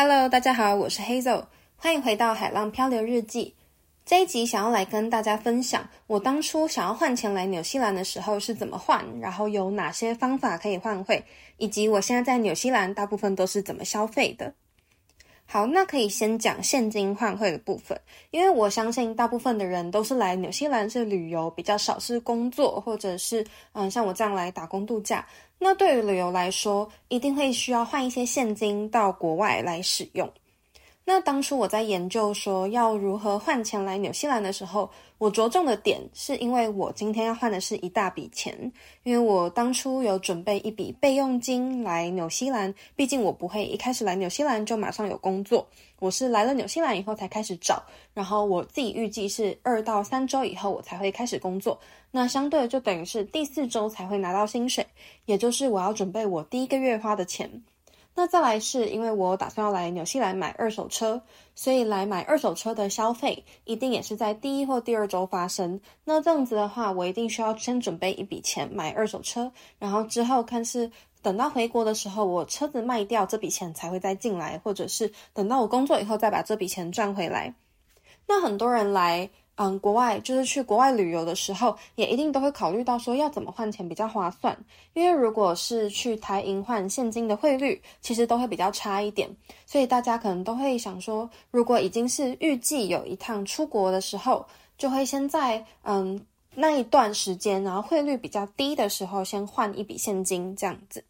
Hello，大家好，我是 Hazel，歡迎回到《海浪漂流日記》。這一集想要來跟大家分享，我當初想要換錢來紐西蘭的時候是怎麼換，然後有哪些方法可以換匯，以及我現在在紐西蘭大部分都是怎麼消費的。好，那可以先講現金換匯的部分，因為我相信大部分的人都是來紐西蘭是旅遊，比較少是工作，或者是，嗯，像我這樣來打工度假。那對於旅遊來說，一定會需要換一些現金到國外來使用。那當初我在研究說要如何換錢來紐西蘭的時候，我着重的點是因為我今天要換的是一大筆錢，因為我當初有準備一筆備用金來紐西蘭，畢竟我不會一開始來紐西蘭就馬上有工作，我是來了紐西蘭以後才開始找，然後我自己預計是二到三周以後我才會開始工作，那相對的就等於是第四周才會拿到薪水，也就是我要準備我第一個月花的錢。那再來是因為我打算要來紐西蘭買二手車，所以來買二手車的消費一定也是在第一或第二週發生。那這樣子的話，我一定需要先準備一筆錢買二手車，然後之後看是等到回國的時候，我車子賣掉這筆錢才會再進來，或者是等到我工作以後再把這筆錢賺回來。那很多人來。嗯，國外就是去國外旅遊的時候，也一定都會考慮到說要怎麼換錢比較划算。因為如果是去台銀換現金的匯率，其實都會比較差一點。所以大家可能都會想說，如果已經是預計有一趟出國的時候，就會先在嗯那一段時間，然後匯率比較低的時候，先換一筆現金這樣子。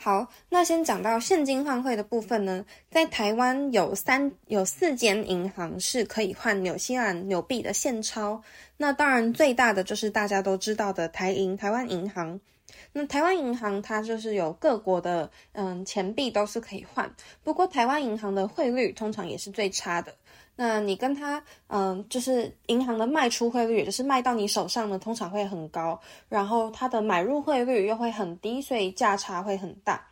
好，那先講到現金換匯的部分呢，在台灣有三、有四間銀行是可以換紐西蘭紐幣的現鈔。那當然最大的就是大家都知道的台銀，台灣銀行。那台灣銀行它就是有各國的，嗯，錢幣都是可以換，不過台灣銀行的匯率通常也是最差的。那你跟他，嗯，就是銀行的賣出匯率，就是賣到你手上呢，通常會很高，然後它的買入匯率又會很低，所以價差會很大。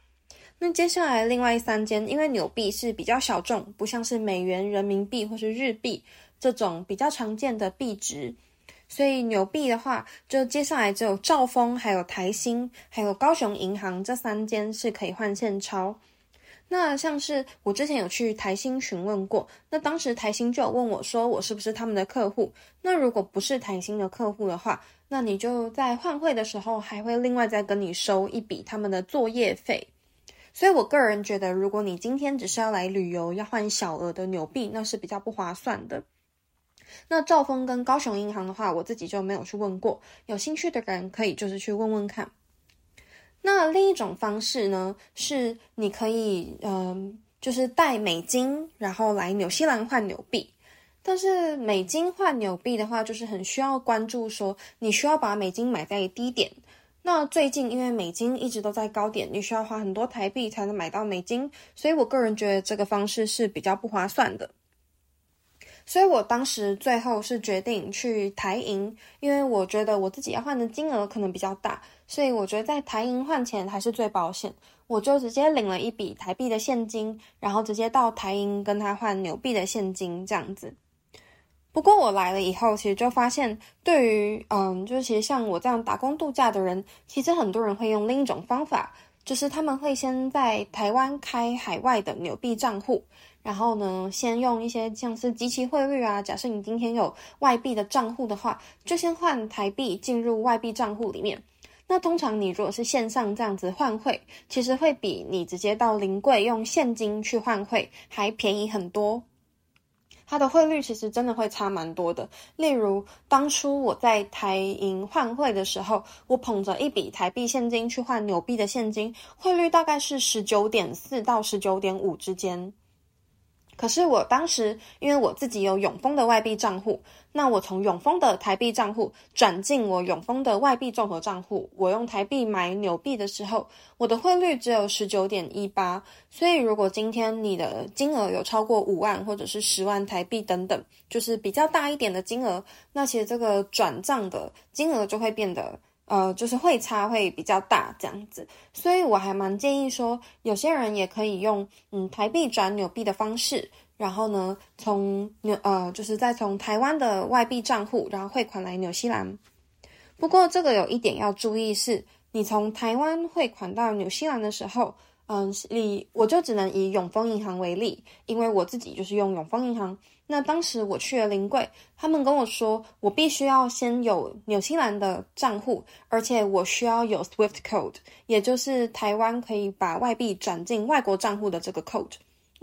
那接下來另外三間，因為紐幣是比較小眾，不像是美元、人民幣或是日幣這種比較常見的幣值，所以紐幣的話，就接下來只有兆豐、還有台新、還有高雄銀行這三間是可以換現鈔。那像是我之前有去台新詢問過，那當時台新就有問我說，我是不是他們的客戶？那如果不是台新的客戶的話，那你就在換匯的時候還會另外再跟你收一筆他們的作業費。所以我個人覺得，如果你今天只是要來旅遊，要換小額的紐幣，那是比較不划算的。那兆豐跟高雄銀行的話，我自己就沒有去問過，有興趣的人可以就是去問問看。那另一種方式呢，是你可以，嗯、呃，就是帶美金，然後來紐西蘭換紐幣。但是美金換紐幣的話，就是很需要關注說，說你需要把美金買在低點。那最近因為美金一直都在高點，你需要花很多台幣才能買到美金，所以我個人覺得這個方式是比較不划算的。所以我當時最後是決定去台銀，因為我覺得我自己要換的金額可能比較大。所以我覺得在台銀換錢還是最保險。我就直接領了一筆台幣的現金，然後直接到台銀跟他換紐幣的現金這樣子。不過我來了以後，其實就發現，對於嗯，就是其實像我這樣打工度假的人，其實很多人會用另一種方法，就是他們會先在台灣開海外的紐幣賬戶，然後呢，先用一些像是即期匯率啊，假設你今天有外幣的賬戶的話，就先換台幣進入外幣賬戶裡面。那通常你如果是線上這樣子換匯，其實會比你直接到臨櫃用現金去換匯還便宜很多。它的匯率其實真的會差蠻多的。例如當初我在台銀換匯的時候，我捧着一筆台幣現金去換紐幣的現金，匯率大概是十九點四到十九點五之間。可是我當時，因為我自己有永豐的外幣賬戶，那我從永豐的台幣賬戶轉進我永豐的外幣綜合賬戶，我用台幣買紐幣的時候，我的匯率只有十九點一八。所以，如果今天你的金額有超過五萬或者是十萬台幣等等，就是比較大一點的金額，那其實這個轉賬的金額就會變得。呃，就是匯差會比較大這樣子，所以我還蠻建議說，有些人也可以用嗯台幣轉紐幣的方式，然後呢從紐呃就是再從台灣的外幣賬戶，然後匯款來紐西蘭。不過這個有一點要注意是，你從台灣匯款到紐西蘭的時候，嗯、呃，你我就只能以永豐銀行為例，因為我自己就是用永豐銀行。那當時我去了臨櫃，他們跟我說，我必須要先有紐西蘭的賬戶，而且我需要有 SWIFT code，也就是台灣可以把外幣轉進外國賬戶的這個 code。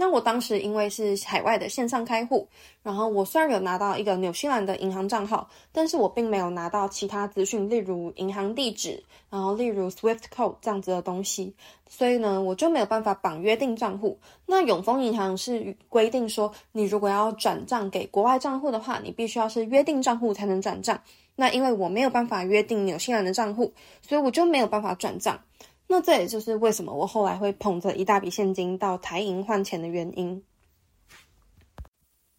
那我當時因為是海外的線上開戶，然後我雖然有拿到一個紐西蘭的銀行賬號，但是我並沒有拿到其他資訊，例如銀行地址，然後例如 SWIFT Code 這樣子的東西，所以呢，我就沒有辦法綁約定賬戶。那永豐銀行是規定說，你如果要轉賬給國外賬戶的話，你必須要是約定賬戶才能轉賬。那因為我沒有辦法約定紐西蘭的賬戶，所以我就沒有辦法轉賬。那這也就是為什麼我後來會捧着一大筆現金到台銀換錢的原因。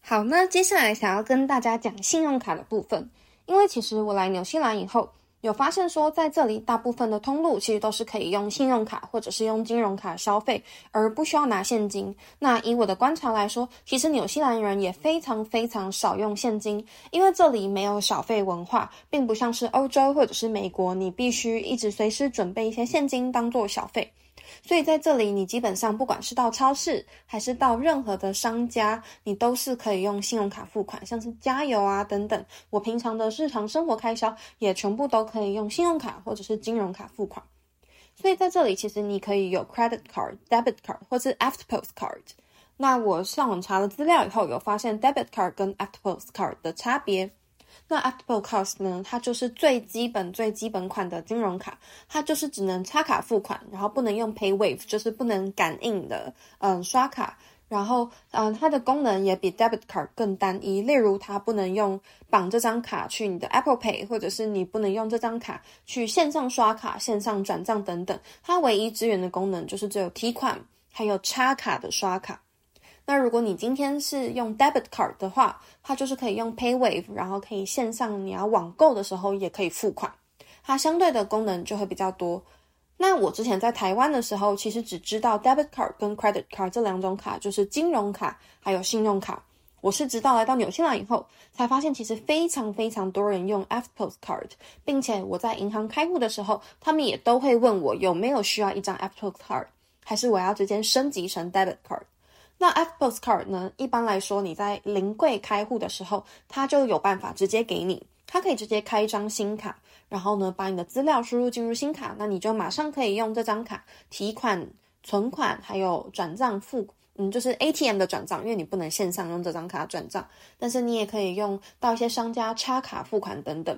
好，那接下來想要跟大家講信用卡的部分，因為其實我來紐西蘭以後，有發現說，在這裡大部分的通路其實都是可以用信用卡或者是用金融卡消費，而不需要拿現金。那以我的觀察來說，其實紐西蘭人也非常非常少用現金，因為這裡沒有小費文化，並不像是歐洲或者是美國，你必須一直隨時準備一些現金當做小費。所以在這裡，你基本上不管是到超市還是到任何的商家，你都是可以用信用卡付款，像是加油啊等等。我平常的日常生活開銷也全部都可以用信用卡或者是金融卡付款。所以在這裡，其實你可以有 credit card、debit card 或者 EFTPOS card。那我上網查了資料以後，有發現 debit card 跟 EFTPOS card 的差別。那 EFTPOS 呢？它就是最基本、最基本款的金融卡，它就是只能插卡付款，然後不能用 PayWave，就是不能感應的，嗯，刷卡。然後，嗯，它的功能也比 Debit Card 更單一，例如它不能用綁這張卡去你的 Apple Pay，或者是你不能用這張卡去線上刷卡、線上轉賬等等。它唯一支援的功能就是只有提款，還有插卡的刷卡。那如果你今天是用 debit card 的話，它就是可以用 PayWave，然後可以線上，你要網購的時候也可以付款，它相對的功能就會比較多。那我之前在台灣的時候，其實只知道 debit card 跟 credit card 這兩種卡，就是金融卡還有信用卡。我是直到來到紐西蘭以後，才發現其實非常非常多人用 EFTPOS card，並且我在銀行開戶的時候，他們也都會問我有沒有需要一張 EFTPOS card，還是我要直接升級成 debit card。那 EFTPOS Card 呢？一般來說，你在臨櫃開戶的時候，它就有辦法直接給你，它可以直接開一張新卡，然後呢，把你的資料輸入進入新卡，那你就馬上可以用這張卡提款、存款，還有轉賬付，嗯，就是 ATM 的轉賬，因為你不能線上用這張卡轉賬，但是你也可以用到一些商家插卡付款等等。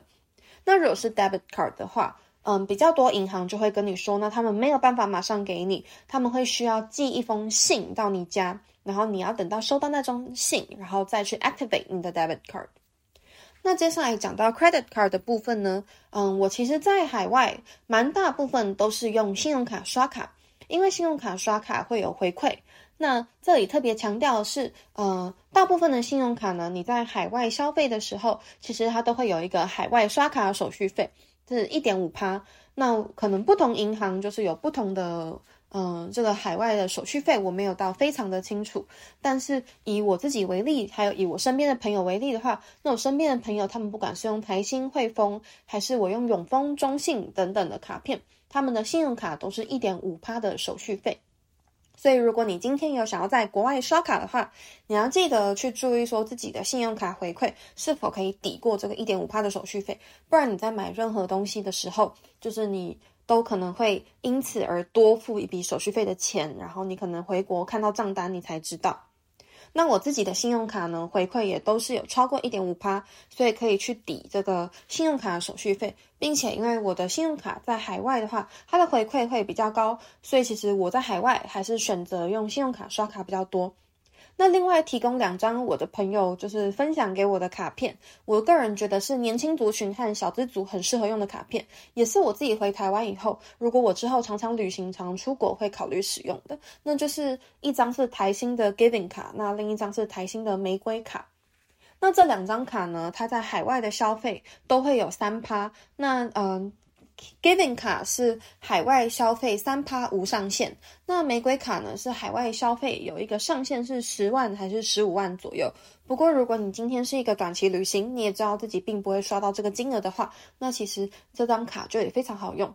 那如果是 Debit Card 的話，嗯，比較多銀行就會跟你說，那他們沒有辦法馬上給你，他們會需要寄一封信到你家，然後你要等到收到那封信，然後再去 activate 你的 debit card。那接下來講到 credit card 的部分呢，嗯，我其實，在海外，蠻大部分都是用信用卡刷卡，因為信用卡刷卡會有回饋。那這裡特別強調的是，呃，大部分的信用卡呢，你在海外消費的時候，其實它都會有一個海外刷卡的手續費。是一點五趴，那可能不同銀行就是有不同的，嗯、呃，這個海外的手續費，我沒有到非常的清楚。但是以我自己為例，還有以我身邊的朋友為例的話，那我身邊的朋友他們不管是用台新、匯豐，還是我用永豐、中信等等的卡片，他們的信用卡都是一點五趴的手續費。所以，如果你今天有想要在國外刷卡的話，你要記得去注意說自己的信用卡回饋是否可以抵過這個一點五趴的手續費，不然你在買任何東西的時候，就是你都可能會因此而多付一筆手續費的錢，然後你可能回國看到賬單你才知道。那我自己的信用卡呢，回饋也都是有超過一點五趴，所以可以去抵這個信用卡的手續費，並且因為我的信用卡在海外的話，它的回饋會比較高，所以其實我在海外還是選擇用信用卡刷卡比較多。那另外提供兩張我的朋友就是分享給我的卡片，我個人覺得是年輕族群和小資族很適合用的卡片，也是我自己回台灣以後，如果我之後常常旅行，常常出國會考慮使用的。那就是一張是台新的 Giving 卡，那另一張是台新的玫瑰卡。那這兩張卡呢，它在海外的消費都會有三趴。那、呃、嗯。Giving 卡是海外消費三趴無上限，那玫瑰卡呢是海外消費有一個上限是十萬還是十五萬左右？不過如果你今天是一個短期旅行，你也知道自己並不會刷到這個金額的話，那其實這張卡就也非常好用。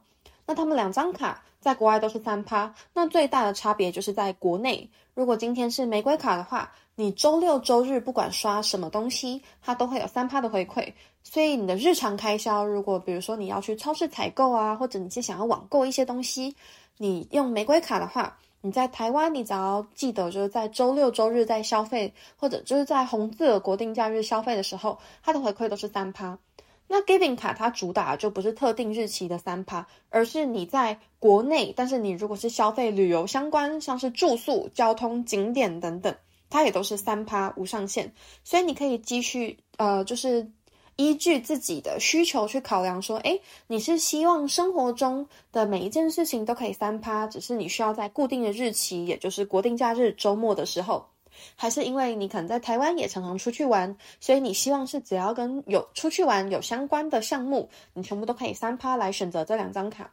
那他們兩張卡在國外都是三趴，那最大的差別就是在國內，如果今天是玫瑰卡的話。你周六周日不管刷什麼東西，它都會有三趴的回饋。所以你的日常開銷，如果比如說你要去超市採購啊，或者你是想要網購一些東西，你用玫瑰卡的話，你在台灣你只要記得就是在周六周日在消費，或者就是在紅字的國定假日消費的時候，它的回饋都是三趴。那 Giving 卡它主打就不是特定日期的三趴，而是你在國內，但是你如果是消費旅遊相關，像是住宿、交通、景點等等。它也都是三趴無上限，所以你可以繼續呃，就是依據自己的需求去考量，說，誒，你是希望生活中的每一件事情都可以三趴，只是你需要在固定的日期，也就是國定假日、周末的時候，還是因為你可能在台灣也常常出去玩，所以你希望是只要跟有出去玩有相關的項目，你全部都可以三趴，來選擇這兩張卡。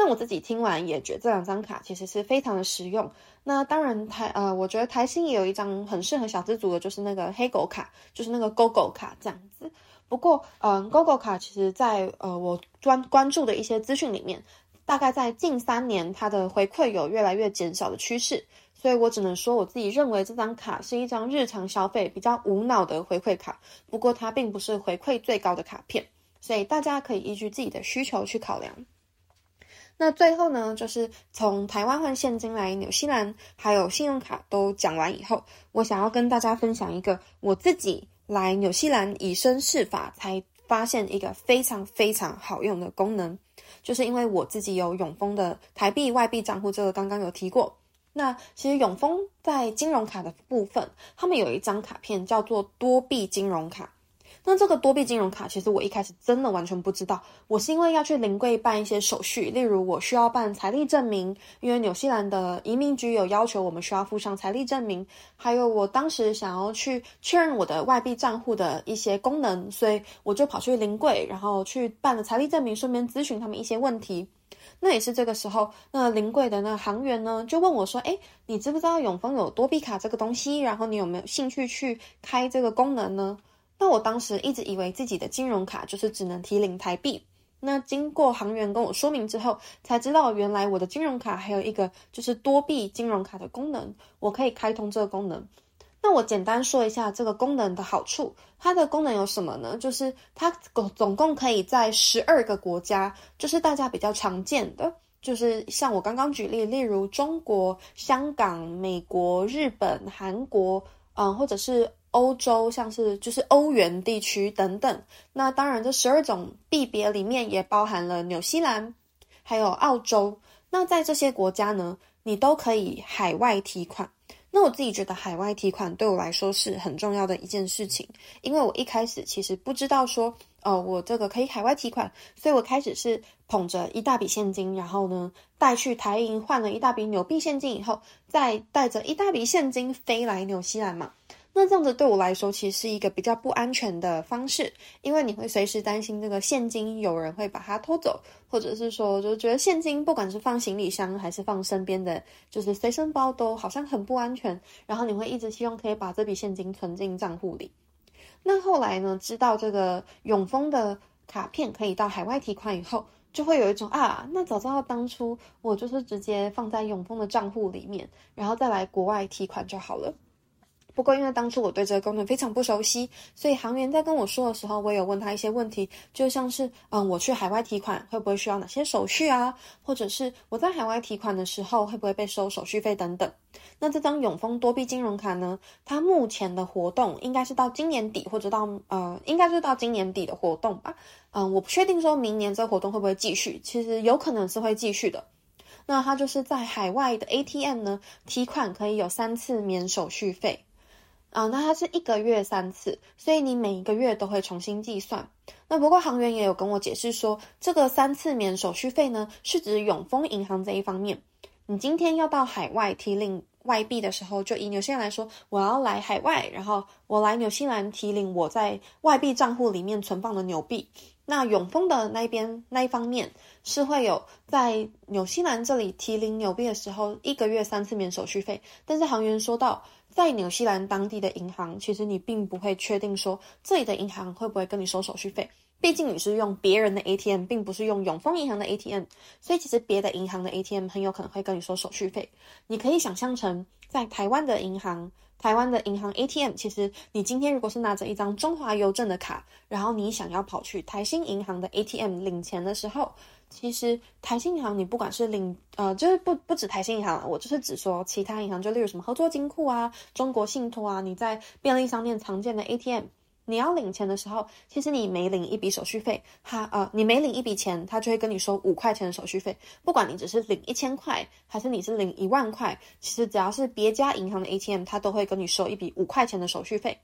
那我自己聽完也覺得這兩張卡其實是非常的實用。那當然台呃，我覺得台新也有一張很適合小資族的，就是那個黑狗卡，就是那個 GoGo 卡這樣子。不過嗯，GoGo 卡其實在，呃我關關注的一些資訊裡面，大概在近三年它的回饋有越來越減少的趨勢。所以我只能說我自己認為這張卡是一張日常消費比較無腦的回饋卡。不過它並不是回饋最高的卡片，所以大家可以依據自己的需求去考量。那最後呢，就是從台灣換現金來紐西蘭，還有信用卡都講完以後，我想要跟大家分享一個我自己來紐西蘭以身試法才發現一個非常非常好用的功能，就是因為我自己有永豐的台幣外幣賬戶，這個剛剛有提過。那其實永豐在金融卡的部分，他們有一張卡片叫做多幣金融卡。那這個多幣金融卡，其實我一開始真的完全不知道。我是因為要去臨櫃辦一些手續，例如我需要辦財力證明，因為紐西蘭的移民局有要求，我們需要附上財力證明。還有我當時想要去確認我的外幣賬戶的一些功能，所以我就跑去臨櫃，然後去辦了財力證明，順便諮詢他們一些問題。那也是這個時候，那臨櫃的那個行員呢，就問我說：“哎，你知不知道永豐有多幣卡這個東西？然後你有沒有興趣去開這個功能呢？”那我當時一直以為自己的金融卡就是只能提領台幣。那經過行員跟我說明之後，才知道原來我的金融卡還有一個就是多幣金融卡的功能，我可以開通這個功能。那我簡單說一下這個功能的好處。它的功能有什麼呢？就是它總總共可以在十二個國家，就是大家比較常見的，就是像我剛剛舉例，例如中國、香港、美國、日本、韓國，嗯、呃，或者是。歐洲，像是就是歐元地區等等，那當然這十二種幣別裡面也包含了紐西蘭，還有澳洲。那在這些國家呢，你都可以海外提款。那我自己覺得海外提款對我來說是很重要的一件事情，因為我一開始其實不知道說，呃，我這個可以海外提款，所以我開始是捧着一大筆現金，然後呢，帶去台銀換了一大筆紐幣現金以後，再帶着一大筆現金飛來紐西蘭嘛。那這樣子對我來說，其實是一個比較不安全的方式，因為你會隨時擔心這個現金有人會把它偷走，或者是說就覺得現金不管是放行李箱還是放身邊的就是隨身包，都好像很不安全。然後你會一直希望可以把這筆現金存進賬戶裡。那後來呢，知道這個永豐的卡片可以到海外提款以後，就會有一種啊，那早知道當初我就是直接放在永豐的賬戶裡面，然後再來國外提款就好了。不過，因為當初我對這個功能非常不熟悉，所以行員在跟我說的時候，我有問他一些問題，就像是嗯，我去海外提款會不會需要哪些手續啊？或者是我在海外提款的時候會不會被收手續費等等？那這張永豐多幣金融卡呢？它目前的活動應該是到今年底，或者到呃，應該是到今年底的活動吧。嗯，我不確定說明年這個活動會不會繼續，其實有可能是會繼續的。那它就是在海外的 ATM 呢，提款可以有三次免手續費。啊、哦，那它是一個月三次，所以你每一個月都會重新計算。那不過行員也有跟我解釋說，這個三次免手續費呢，是指永豐銀行這一方面。你今天要到海外提領外幣的時候，就以紐西蘭來說，我要來海外，然後我來紐西蘭提領我在外幣賬戶裡面存放的紐幣。那永豐的那一邊，那一方面，是會有在紐西蘭這裡提領紐幣的時候，一個月三次免手續費。但是行員說到。在紐西蘭當地的銀行，其實你並不會確定說這裡的銀行會不會跟你收手續費。畢竟你是用別人的 ATM，並不是用永豐銀行的 ATM，所以其實別的銀行的 ATM 很有可能會跟你收手續費。你可以想象成在台灣的銀行。台灣的銀行 ATM，其實你今天如果是拿着一張中華郵政的卡，然後你想要跑去台新銀行的 ATM 領錢的時候，其實台新銀行你不管是領，呃，就是不不止台新銀行，我就是指說其他銀行，就例如什麼合作金庫啊、中國信托啊，你在便利商店常見的 ATM。你要領錢的時候，其實你每領一筆手續費，他呃，你每領一筆錢，他就會跟你收五塊錢的手續費。不管你只是領一千塊，還是你是領一萬塊，其實只要是別家銀行的 ATM，他都會跟你收一筆五塊錢的手續費。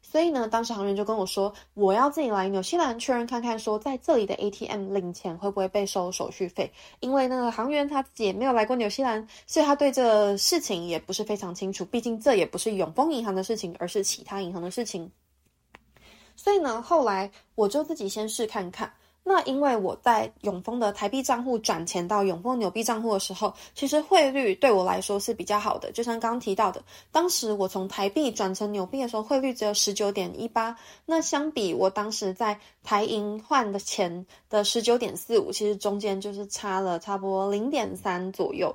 所以呢，當時行員就跟我說，我要自己來紐西蘭確認看看，說在這裡的 ATM 領錢會不會被收手續費。因為那個行員他自己也沒有來過紐西蘭，所以他對這事情也不是非常清楚。畢竟這也不是永豐銀行的事情，而是其他銀行的事情。所以呢，後來我就自己先試看看。那因為我在永豐的台幣賬戶轉錢到永豐紐幣賬戶的時候，其實匯率對我來說是比較好的。就像剛剛提到的，當時我從台幣轉成紐幣的時候，匯率只有十九點一八。那相比我當時在台銀換的錢的十九點四五，其實中間就是差了差不多零點三左右。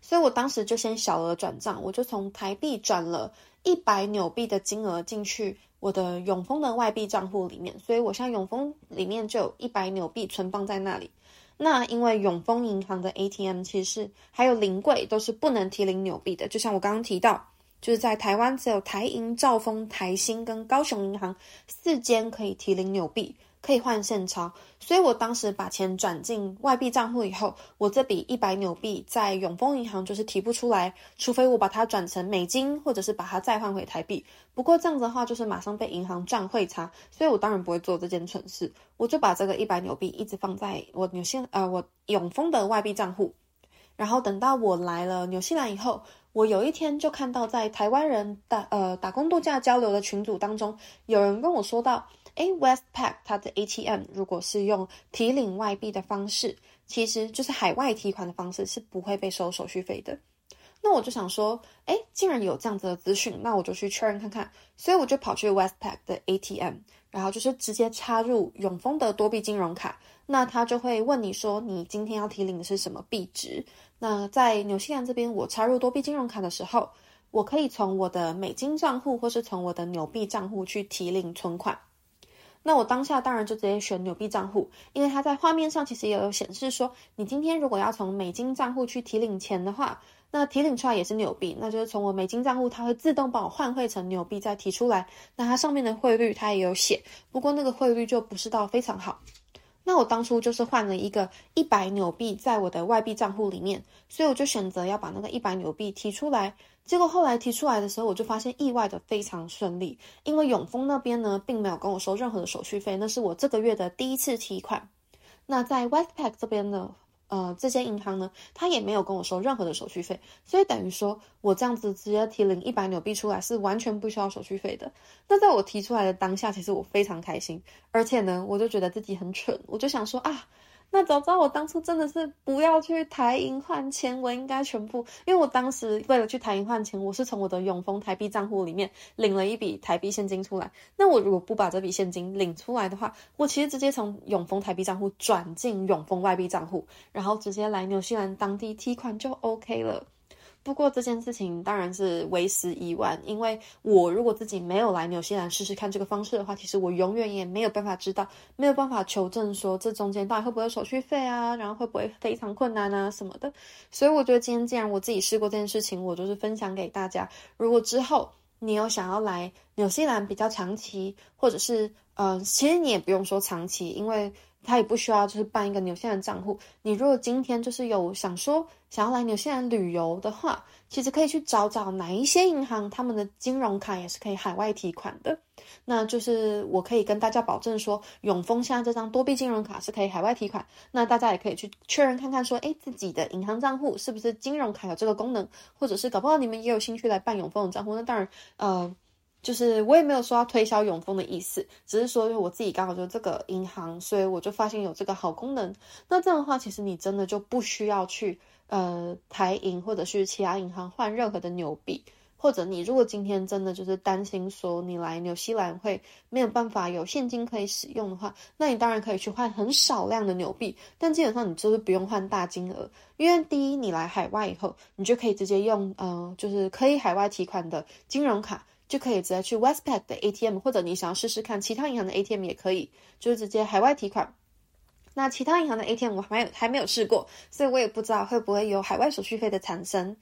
所以我當時就先小額轉賬，我就從台幣轉了一百紐幣的金額進去。我的永豐的外幣賬戶裡面，所以我現在永豐裡面就有一百紐幣存放在那裡。那因為永豐銀行的 ATM 其實是還有臨櫃都是不能提領紐幣的，就像我剛剛提到，就是在台灣只有台銀、兆豐、台新跟高雄銀行四間可以提領紐幣。可以換現鈔，所以我當時把錢轉進外幣賬戶以後，我這筆一百紐幣在永豐銀行就是提不出來，除非我把它轉成美金，或者是把它再換回台幣。不過這樣子的話，就是馬上被銀行賺匯差，所以我當然不會做這件蠢事。我就把這個一百紐幣一直放在我紐西呃我永豐的外幣賬戶，然後等到我來了紐西蘭以後，我有一天就看到在台灣人打呃打工度假交流的群組當中，有人跟我說到。誒，Westpac 它的 ATM 如果是用提領外幣的方式，其實就是海外提款的方式，是不會被收手續費的。那我就想說，誒，既然有這樣子的資訊，那我就去確認看看。所以我就跑去 Westpac 的 ATM，然後就是直接插入永豐的多幣金融卡。那他就會問你說，你今天要提領的是什麼幣值？那在紐西蘭這邊，我插入多幣金融卡的時候，我可以從我的美金賬戶或是從我的紐幣賬戶去提領存款。那我當下當然就直接選紐幣賬戶，因為它在畫面上其實也有顯示說，你今天如果要從美金賬戶去提領錢的話，那提領出來也是紐幣，那就是從我美金賬戶，它會自動幫我換匯成紐幣再提出來。那它上面的匯率它也有寫，不過那個匯率就不是到非常好。那我當初就是換了一個一百紐幣在我的外幣賬戶裡面，所以我就選擇要把那個一百紐幣提出來。結果後來提出來的時候，我就發現意外的非常順利，因為永豐那邊呢，並沒有跟我收任何的手續費。那是我這個月的第一次提款。那在 Westpac 這邊呢？呃，這些銀行呢，他也沒有跟我收任何的手續費，所以等於說我這樣子直接提領一百紐幣出來是完全不需要手續費的。那在我提出來的當下，其實我非常開心，而且呢，我就覺得自己很蠢，我就想說啊。那早知道我當初真的是不要去台銀換錢，我應該全部，因為我當時為了去台銀換錢，我是從我的永豐台幣賬戶裡面領了一筆台幣現金出來。那我如果不把這筆現金領出來的話，我其實直接從永豐台幣賬戶轉進永豐外幣賬戶然後直接來紐西蘭當地提款就 OK 了。不過這件事情當然是為時已晚，因為我如果自己沒有來紐西蘭試試看這個方式的話，其實我永遠也沒有辦法知道，沒有辦法求證說這中間到底會不會有手續費啊，然後會不會非常困難啊什麼的。所以我覺得今天既然我自己試過這件事情，我就是分享給大家，如果之後你有想要來紐西蘭比較長期，或者是嗯、呃，其實你也不用說長期，因為。他也不需要，就是辦一個紐西蘭賬戶。你如果今天就是有想說想要來紐西蘭旅遊的話，其實可以去找找哪一些銀行，他們的金融卡也是可以海外提款的。那就是我可以跟大家保證說，永豐現在這張多幣金融卡是可以海外提款。那大家也可以去確認看看說，哎，誒自己的銀行賬戶是不是金融卡有這個功能，或者是搞不好你們也有興趣來辦永豐的賬戶，那當然，呃。就是我也沒有說要推銷永豐的意思，只是說就是我自己剛好就這個銀行，所以我就發現有這個好功能。那這樣的話，其實你真的就不需要去呃台銀或者是其他銀行換任何的紐幣。或者你如果今天真的就是擔心說你來紐西蘭會沒有辦法有現金可以使用的話，那你當然可以去換很少量的紐幣，但基本上你就是不用換大金額，因為第一你來海外以後，你就可以直接用呃就是可以海外提款的金融卡。就可以直接去 Westpac 的 ATM，或者你想要試試看其他銀行的 ATM 也可以，就是直接海外提款。那其他銀行的 ATM 我還沒有，還沒有試過，所以我也不知道會不會有海外手續費的產生。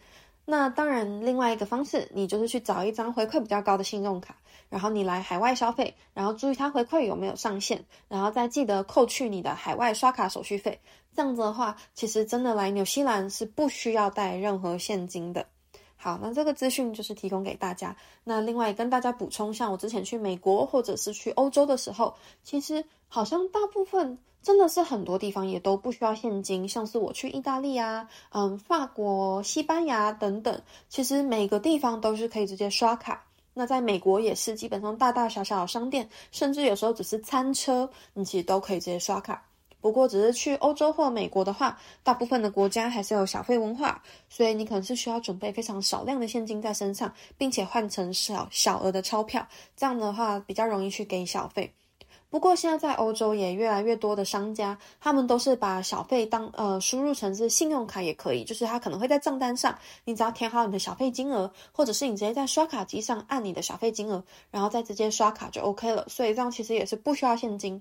那當然，另外一個方式，你就是去找一張回饋比較高的信用卡，然後你來海外消費，然後注意它回饋有沒有上限，然後再記得扣去你的海外刷卡手續費。這樣子的話，其實真的來紐西蘭是不需要帶任何現金的。好，那這個資訊就是提供給大家。那另外跟大家補充，像我之前去美國或者是去歐洲的時候，其實好像大部分真的是很多地方也都不需要現金，像是我去意大利啊，嗯，法國、西班牙等等，其實每個地方都是可以直接刷卡。那在美國也是，基本上大大小小的商店，甚至有時候只是餐車，你其實都可以直接刷卡。不過，只是去歐洲或美國的話，大部分的國家還是有小費文化，所以你可能是需要準備非常少量的現金在身上，並且換成小小額的鈔票，這樣的話比較容易去給小費。不過現在在歐洲也越來越多的商家，他們都是把小費當呃輸入成是信用卡也可以，就是他可能會在賬單上，你只要填好你的小費金額，或者是你直接在刷卡機上按你的小費金額，然後再直接刷卡就 OK 了，所以這樣其實也是不需要現金。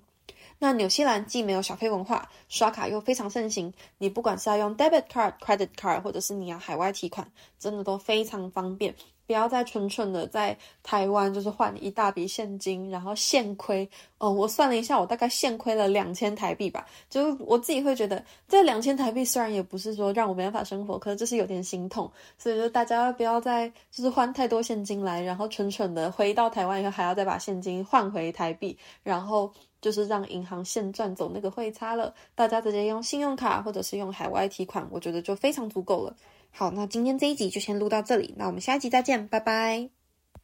那紐西蘭既沒有小費文化，刷卡又非常盛行。你不管是要用 debit card、credit card，或者是你要海外提款，真的都非常方便。不要再蠢蠢的在台灣就是換一大筆現金，然後現虧。嗯、哦，我算了一下，我大概現虧了兩千台幣吧。就我自己會覺得，這兩千台幣雖然也不是說讓我沒辦法生活，可是就是有點心痛。所以說大家不要再就是換太多現金來，然後蠢蠢的回到台灣以後還要再把現金換回台幣，然後。就是讓銀行現賺走那個匯差了，大家直接用信用卡或者是用海外提款，我覺得就非常足夠了。好，那今天這一集就先錄到這裡，那我們下一集再見，拜拜。